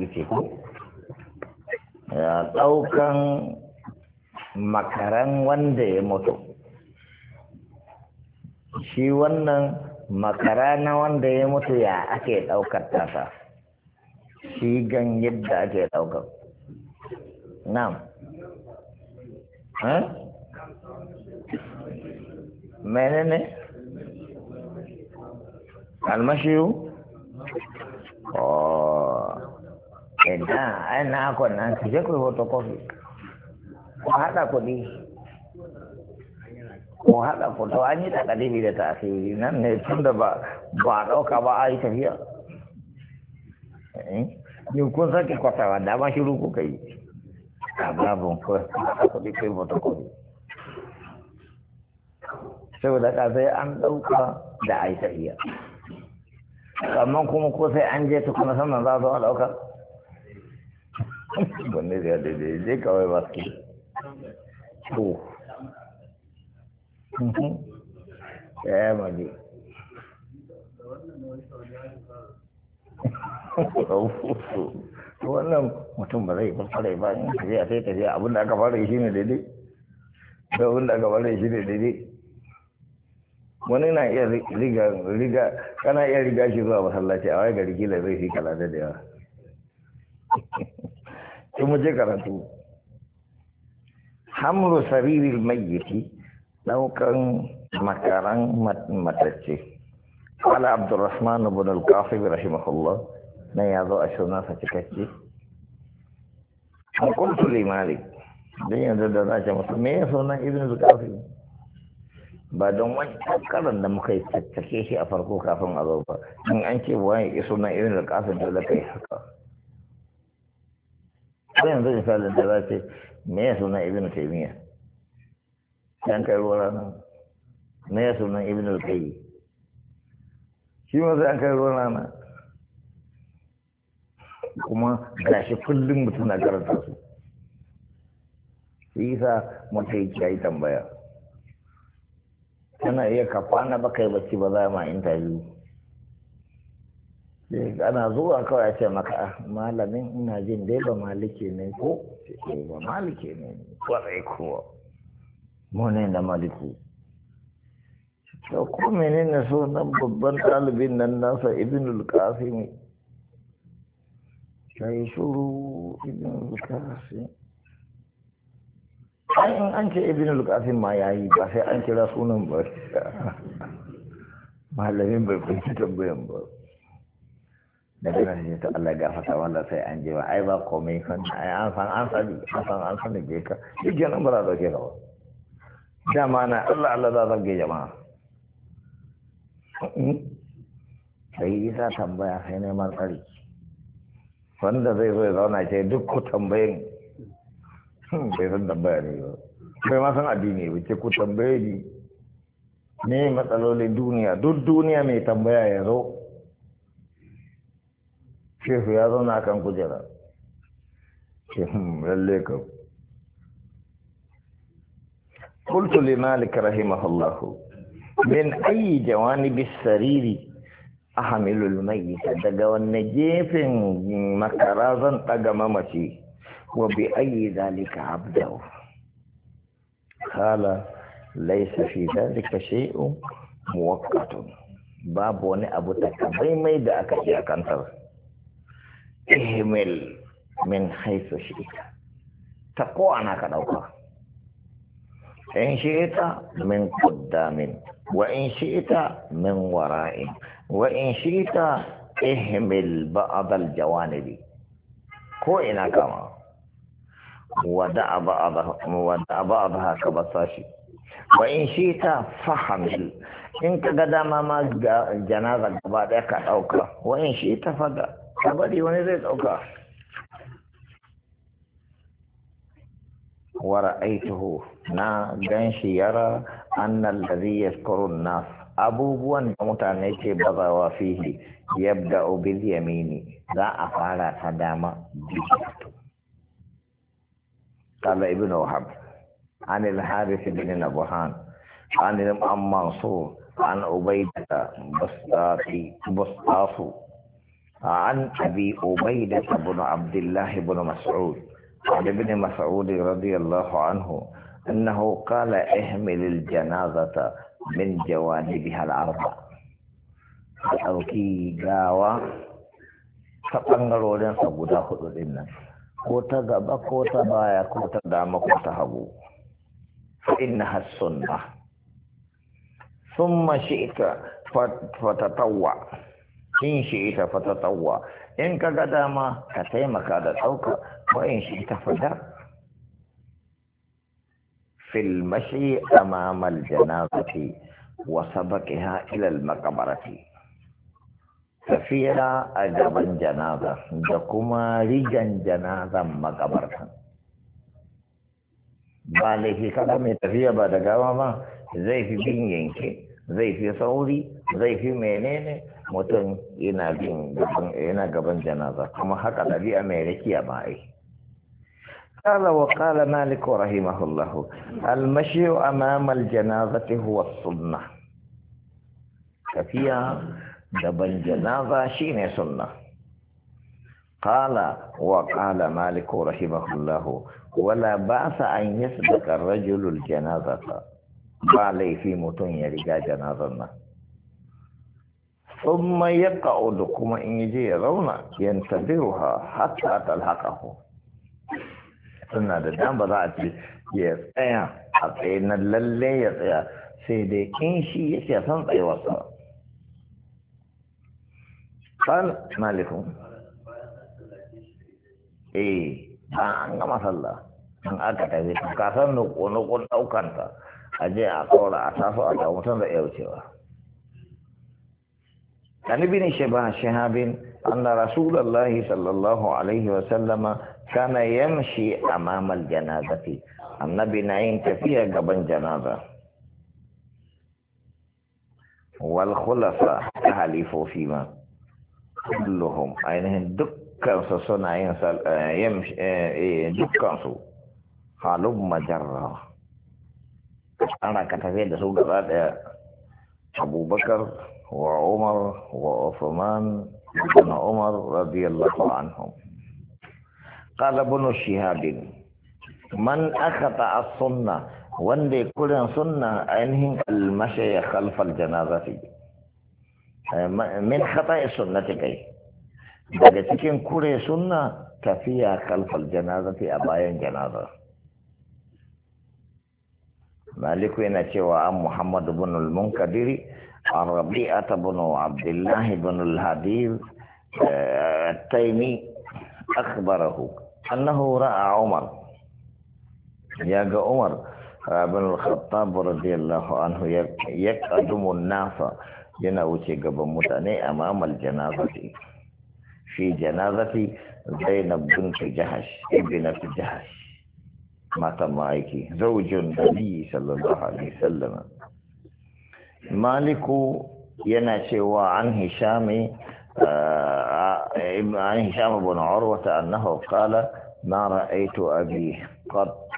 yake ko ya ɗaukan makaran wanda ya mutu shi wannan makara na wanda ya mutu ya ake ɗaukar tasa shi gan yadda ake ɗaukar nam menene almashiyu oh Eh, idan ai na akon nan ki je ku photocopy ko hada kuɗi eh, ko hada ko to an yi takalibi da tasiri nan ne tun da ba ba ka ba a yi tafiya ni kun sake kwasawa da ma shiru kuka yi a babin ko hada kuɗi kai photocopy saboda ka sai an ɗauka da a yi fiya amma kuma ko sai an je tukuna sannan za su ɗauka wanne zai daidai zai kawai ba su to mhm. ya yi maje wannan mutum ba zai farfare ba in tafiya sai tafiya abinda aka fara shi ne daidai da abinda aka fara shi ne daidai wani na iya riga riga kana iya riga shi zuwa masallaci a wai ga rigila zai fi kala da yawa sai mu je karatu hamru sariril mayyiti daukan makaran matacce qala abdurrahman ibn al-qasim rahimahullah na yazo a shona sa cikakke an kuntu li malik dan yanzu da za ta musu me ya sunan ibn al-qasim ba don wani karan da muka yi tattake shi a farko kafin a zo ba in an ce wani sunan ibn al-qasim da kai haka ko yanzu misalin da za ce me ya sunan ibn taymiya kan kai ruwa na me ya sunan ibn al-qayyim shi ma sai an kai ruwa na kuma gashi kullum mutum na karanta su shi yasa mutum ya yi tambaya kana iya kafa na ba kai bacci ba za ma interview ana zuwa kawai ce maka ah, malamin ina jin dai ba maliki ne ko ba maliki ne kwarai kuwa mune na maliki to ko menene nan babban ɗalibin nan nasa ibnul qasim sai shuru ibnul qasim ai an ce ibnul qasim ma yayi ba sai an kira sunan ba malamin bai kunci tambayan ba daga nan ne to Allah ya gafarta wanda sai an je ba ai ba komai kan ai an san an sani an san an sani ke ka duk nan ba dauke ka dama na Allah Allah za zarge jama'a sai isa tambaya sai neman tsari wanda zai zo ya zauna ce duk ku tambayin hmm, bai san tambaya ne ba bai ma san addini ba ce ku tambaye ni ne matsalolin duniya duk duniya mai tambaya ya zo شيخ يا zauna kan كجرا شيخ ka قلت لمالك رحمه الله من أي جوانب السرير أحمل الميت دقا والنجيف مكرازا تقممتي وبأي ذلك عبده قال ليس في ذلك شيء موقت باب وني أبو تكبيمي دا أكا اهمل من حيث شئت تقوى انا كدوكا ان شئت من قدام وان شئت من وراء وان شئت اهمل بعض الجوانب كو انا كما ودع بعضها ودع بعضها كبصاشي وان شئت فحمل انت قدام ما جنازه قبائلك اوكا وان شئت فقط ka bari wani zai ɗauka wara'aituhu na ganshi yara annal ladhi yadhkurun na abubuwan da mutane ke bazawa fihi yabda bil yamini za a fara ta dama kala ibn wahab an harith bin nabuhan an al mansur an ubaidata bastati bastafu عن أبي أبيدة بن عبد الله بن مسعود عن ابن مسعود رضي الله عنه أنه قال احمل الجنازة من جوانبها الأربع أوكي جاوا فقنغلوا لن سبودا خذوا لنا كوتا غبا كوتا بايا كوتا داما كوتا هبو فإنها السنة ثم شئت فتطوع in shi ita fata tsawwa? in ka ga dama ka taimaka da tsauka ko in shi ita fata fil mashi amamal janazati wa sabaqiha ila al maqbarati tafiya a gaban janaza da kuma rigan janazan makabartan ba laifi kada mai tafiya ba da gama ba zai fi bin yanke zai fi sauri zai fi menene mutum yana bin gaban yana gaban janaza kuma haka dabi'a mai rakiya ba ai قال وقال مالك رحمه الله المشي أمام الجنازة هو السنة كفيا دبن جنازة شين سنة قال وقال مالك رحمه الله ولا بأس أن يسبق الرجل الجنازة بالي في متن يرجى جنازة ثم يقعد كما إن يجي رونا ينتظرها حتى تلحقه suna da dan ba za a ce ya tsaya a tsaye na lalle ya tsaya sai dai in shi ya yake son tsayuwarsa kan malikun eh ba an gama sallah an aka tafi kasan nukun nukun daukanta a je a tsora a taso a da mutum da iya wucewa عن يعني ابن شهاب أن رسول الله صلى الله عليه وسلم كان يمشي أمام الجنازة النبي نعيم فيها قبل جنازة والخلفاء تحلفوا فيما كلهم أينهم يعني دكان سنة آه، يمشي آه، إيه، دكان سو majarra مجرى أنا tafiya da su أبو بكر وعمر وعثمان بن عمر رضي الله عنهم قال ابن الشهاب من أخطأ السنة وندي كل سنة أنهم المشي خلف الجنازة من خطأ السنة كي لكن كل سنة كفية خلف الجنازة أبايا جنازة مالك وين أتي محمد بن المنكدري عن ربيعة بن عبد الله بن الهديل آه، التيمي أخبره أنه رأى عمر يا عمر آه، بن الخطاب رضي الله عنه يقدم الناس جنا وشيك بمتاني أمام الجنازة في جنازة زينب بنت جهش ابنة جهش ما تمايكي زوج النبي صلى الله عليه وسلم مالك yana cewa an hishami عن هشام بن عروة أنه قال ما رأيت أبي قط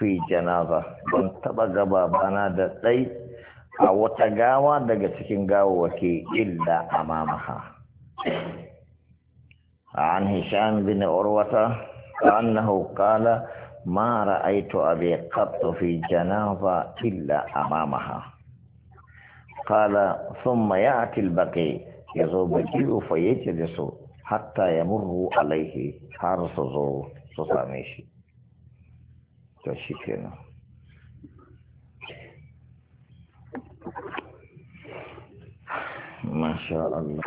في جنازة بن تبقى بابانا دتي أو تقاوى دقتكين قاوكي إلا أمامها عن هشام بن عروة أنه قال ما رأيت أبي قط في جنازة إلا أمامها kala sun maya atil baƙi ya zo baƙi fa ya ce da su hatta ya murhu alaihi har su zo su same shi to